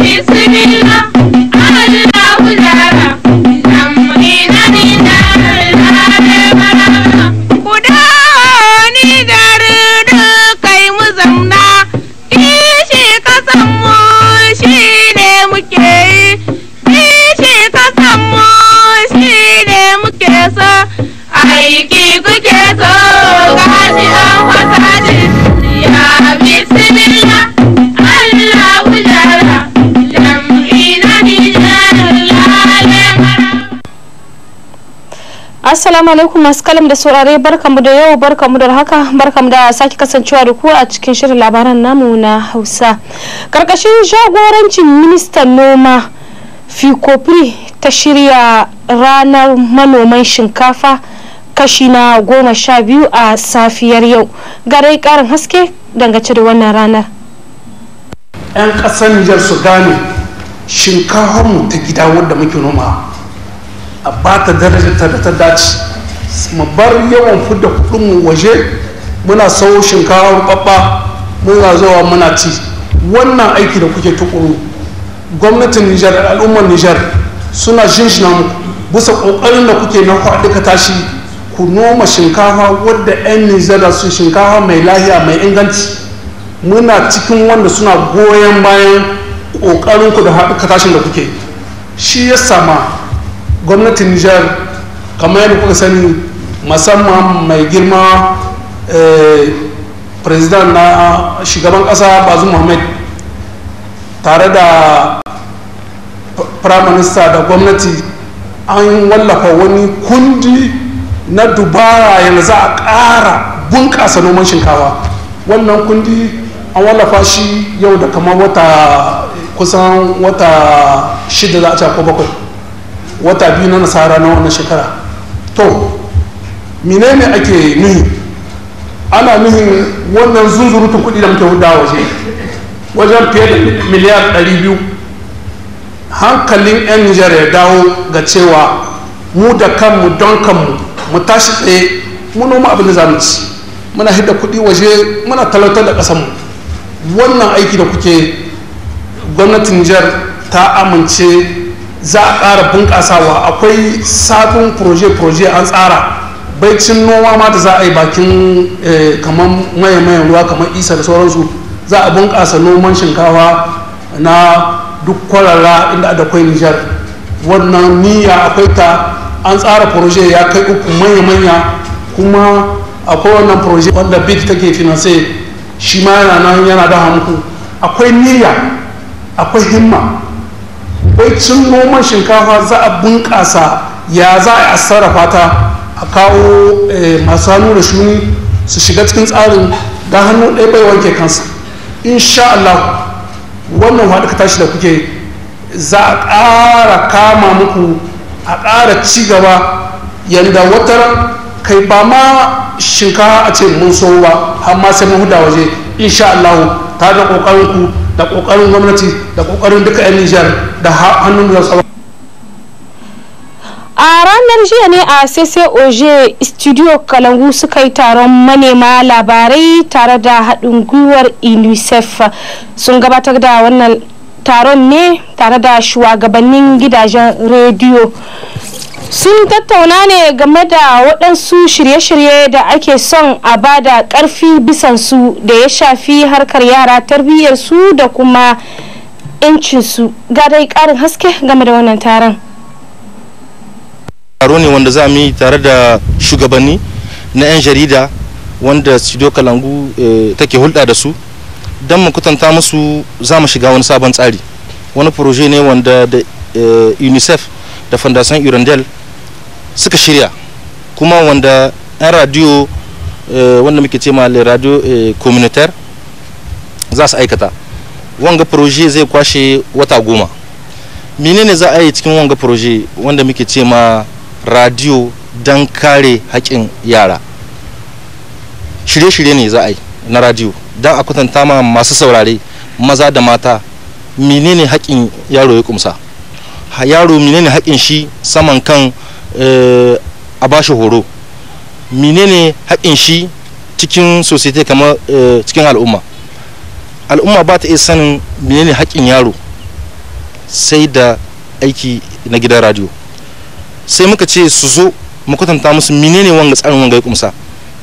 Bismillah. Assalamu alaikum masu kalam da saurare barkamu da yau barkamu da haka barkamu da sake kasancewa da ku a cikin shirin labaran namu na Hausa. Karkashin jagorancin ministan noma Fikopri ta shirya ranar manoman shinkafa kashi na goma sha biyu a safiyar yau. Garai karin haske dangace da wannan ranar. 'Yan ƙasar Nijar su gane mu ta gida wadda muke noma a ba ta darajar ta da ta dace mu bar yawan fudda kuɗin mu waje muna sawo shinkawa babba muna zuwa muna ci wannan aiki da kuke tukuru gwamnatin nijar da al'ummar nijar suna shinshina muku bisa ƙoƙarin da kuke na kwaɗuka tashi ku noma shinkafa wadda 'yan nijar su shinkafa mai lahiya mai inganci muna cikin wanda suna goyon bayan ƙoƙarinku da haɗuka tashin da kuke shi ya sama gwamnatin nijar kamar yadda kuka sani musamman mai girma eh, president na shugaban kasa bazu muhammad tare da prime minister da gwamnati an wallafa wani kundi na dubara yanzu za a ƙara bunƙasa noman shinkawa wannan kundi an wallafa shi yau da kama wata kusan wata shida za a ko bakwai wata biyu na nasara na wannan shekara to menene ake nuhi ana nuhin wannan zunzurutun kuɗi da muke huda waje wajen fiye da miliyar 200 hankalin 'yan nijar ya dawo ga cewa mu da kanmu don kanmu mu tashi tsaye mu noma abin da za ci muna hidda kuɗi waje muna talautar da kasanmu wannan aiki da kuke gwamnatin nijar ta amince za a ƙara bunƙasawa akwai sabon proje-proje an tsara baicin noma ma da za a yi bakin eh, kamar maye mayan ruwa kamar isa da sauransu za a bunƙasa noman shinkawa na duk kwararra inda da kwai nijar wannan niyya akwai ta an tsara proje ya kai uku manya-manya kuma akwai wannan proje wanda bid take finance shi ma yana nan yana da hanku akwai niyya akwai himma cin noman shinkafa za a bunƙasa ya za a sarrafa ta a kawo eh, masu hannu da shuni su shiga cikin tsarin da hannu ɗaya bai wanke kansa insha Allah wannan haɗuka tashi da kuke za a ƙara kama muku a ƙara ci gaba yadda wata kai ba ma shinkafa a ce mun so ba har sai mun huda waje insha Allah ta da ƙoƙarinku da kokarin gwamnati da kokarin duka 'yan nijar da hannun da tsawon a ranar jiya ne a oje studio kalangu suka yi taron manema labarai tare da haɗin gwiwar unicef sun gabatar da wannan taron ne tare da shugabannin gidajen rediyo sun tattauna ne game da waɗansu shirye-shirye da ake son a ba da ƙarfi bisansu da ya shafi harkar yara tarbiyyarsu da kuma 'yancinsu ga dai ƙarin haske game da wannan taron taro ne wanda za mu yi tare da shugabanni na 'yan jarida wanda studio kalangu eh, take hulɗa da su don mu kutanta musu za mu shiga wani sabon tsari wani ne wanda da eh, unicef da fondation urundel suka shirya kuma wanda 'yan radio eh, wanda muke ce le radio eh, communautaire za su aikata wanga proje zai kwashe wata goma menene za a yi cikin wanga proje wanda muke ce ma radio don kare haƙƙin yara shirye-shirye ne za a yi na radio don a kwatanta ma masu saurare maza da mata menene haƙƙin yaro ya kumsa yaro menene haƙƙin shi saman kan Eh, a ba shi horo menene haƙin shi cikin society kamar eh, cikin al'umma al'umma ba ta iya sanin menene haƙin yaro sai da aiki na gidan radio sai muka ce su zo mu kwatanta musu menene wanga tsarin wanga ya kumsa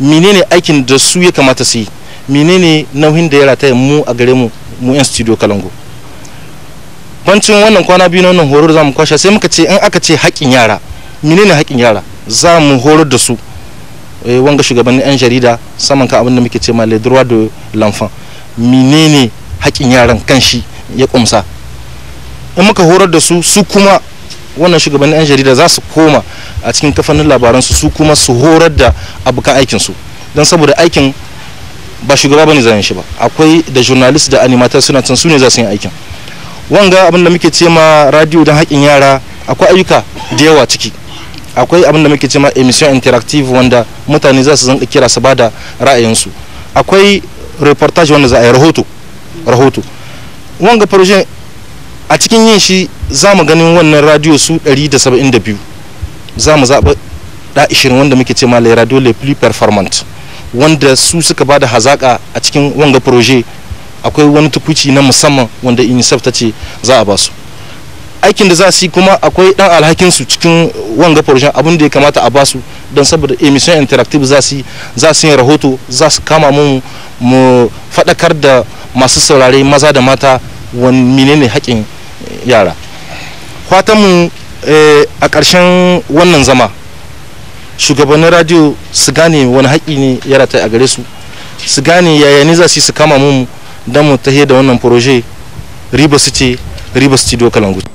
menene aikin da su ya kamata su yi menene nauhin da ya rataya mu a gare mu mu yan studio kalango bancin wannan kwana biyu na wannan horo da za mu kwasha sai muka ce in aka ce haƙƙin yara menene haƙƙin yara za mu horar da su eh, wanga shugabannin 'yan jarida saman ka abin da muke ce ma le droit de l'enfant menene haƙƙin yaran kanshi ya kumsa in muka horar da su su kuma wannan shugabannin 'yan jarida za su koma a cikin kafanin labaransu su kuma su horar da abokan aikinsu don saboda aikin ba shugaba bane zan shi ba akwai da journalist da animator suna can su ne za su yi aikin wanga abin da muke ce ma radio don haƙƙin yara akwai ayyuka da yawa ciki akwai abin da muke cewa emission interactive wanda mutane za su kira su ba da ra'ayinsu akwai reportage wanda za a yi rahoto rahoto wanga projet a cikin yin shi za mu ganin wannan radio su 172 za mu zaɓa da 20 wanda muke cema le radio le plus performant wanda su suka ba da hazaƙa a cikin wanga projet akwai wani tukuci na musamman wanda unicef ta za a ba su aikin da za su yi kuma akwai dan alhakin su cikin wanga farashin abin da ya kamata a basu don saboda emission interactive za su za su yi rahoto za su kama mu mu fadakar da masu saurare maza da mata wani menene haƙin yara fatan mu eh, a ƙarshen wannan zama shugabannin radio su gane wani haƙi ne yara ta a gare su su gane yaya ne za su su kama mu don mu tahe da wannan proje riba su ce riba su ci dokalan gudu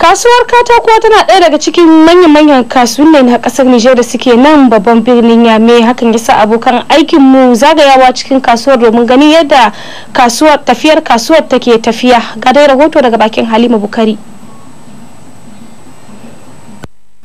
kasuwar katako tana ɗaya daga cikin manyan-manyan kasuwannin na ƙasar nijar da suke nan babban birnin yame hakan ya sa abokan aikin mu zagayawa cikin kasuwar domin ganin yadda kasuwar tafiyar kasuwar take tafiya ga dai rahoto daga bakin halima bukari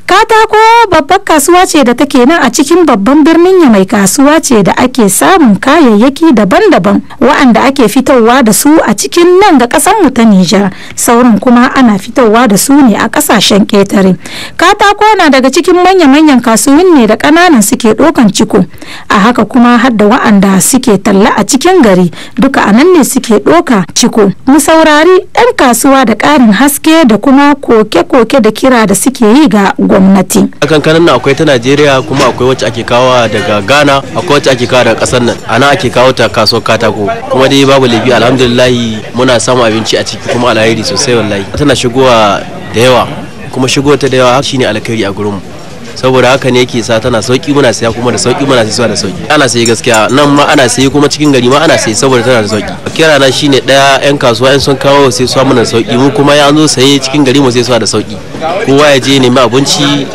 katako babbar kasuwa ce da take nan a cikin babban birnin ya mai kasuwa ce da ake samun kayayyaki daban-daban wa'anda ake fitowa da su a cikin nan ga ƙasar mu ta Nijar saurin kuma ana fitowa da su ne a kasashen ketare katako na daga cikin manya-manyan kasuwin ne da ƙananan suke ɗokan ciko a haka kuma har da wa'anda suke talla a cikin gari duka a nan ne suke ɗoka ciko mu saurari 'yan kasuwa da ƙarin haske da kuma koke-koke da kira da suke yi ga gwamnati a kankanin nan akwai ta najeriya kuma akwai wacce ake kawo daga ghana akwai wacce ake kawo daga kasar nan a nan ake kawo ta kasuwar katako kuma dai babu laifi alhamdulillahi muna samun abinci a ciki kuma alheri sosai wallahi tana shigowa da yawa kuma shigo ta da yawa shine alkhairi a gurinmu saboda haka ne yake sa tana sauki muna saya kuma da sauki muna saya da sauki ana sayi gaskiya nan ma ana sayi kuma cikin gari ma ana sayi saboda tana da sauki kira na shine daya yan kasuwa yan sun kawo sai su mana sauki mu kuma ya zo saye cikin gari mu sai su da sauki kowa ya je nemi abinci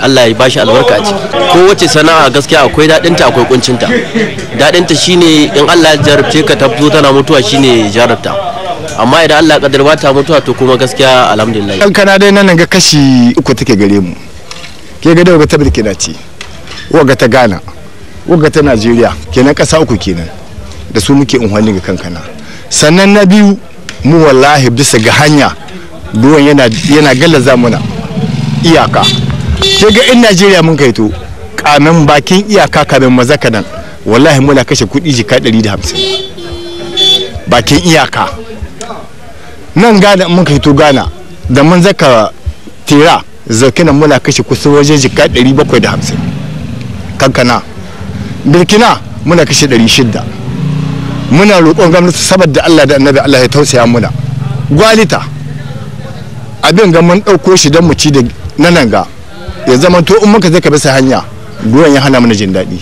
Allah ya bashi albarka a ciki Ko wace sana'a gaskiya akwai dadinta akwai kuncinta dadinta shine in Allah ya jarabce ka ta tana mutuwa shine jarabta amma idan Allah ya kaddara ba ta mutuwa to kuma gaskiya alhamdulillah kana dai nan ga kashi uku take gare mu ke ga daga ta burkina ce waga ta ghana waga ta najeriya kenan kasa uku kenan da su muke unhwani ga kankana sannan na biyu mu wallahi bisa ga hanya duwan yana gala zamuna iyaka ke ga in najeriya mun kaito to kamin bakin iyaka kamin mazaka nan wallahi muna kashe kuɗi jika 150 bakin iyaka nan gana mun kaito gana da mun zaka tira zakinan muna kashe kusan wajen jika 750 kankana birkina muna kashe 600 muna roƙon gwamnati saboda allah da annabi allah ya tausaya muna gwalita abin ga mun ɗauko shi don mu ci da nanan ga ya zama to in muka zai ka bisa hanya duwan ya hana mana jin daɗi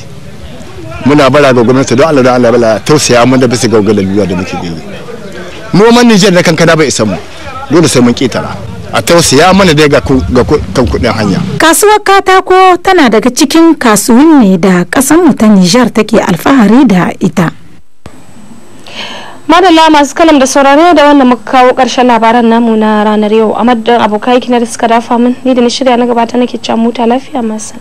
muna bara ga gwamnati don allah da allah bala tausaya mun da bisa gaugalar galalluwa da muke gani noman nijar da kankana bai isa mu dole sai mun ketara a tausaya mana dai ga kan kuɗin hanya. Kasuwar katako tana daga cikin ne da kasan ta Nijar take alfahari da ita. madalla masu kalam da saurare da wannan muka kawo karshen labaran namu na ranar yau a madadin abokai kinar da suka dafa min ni da ni shirya na gabata nake cewa muta lafiya masu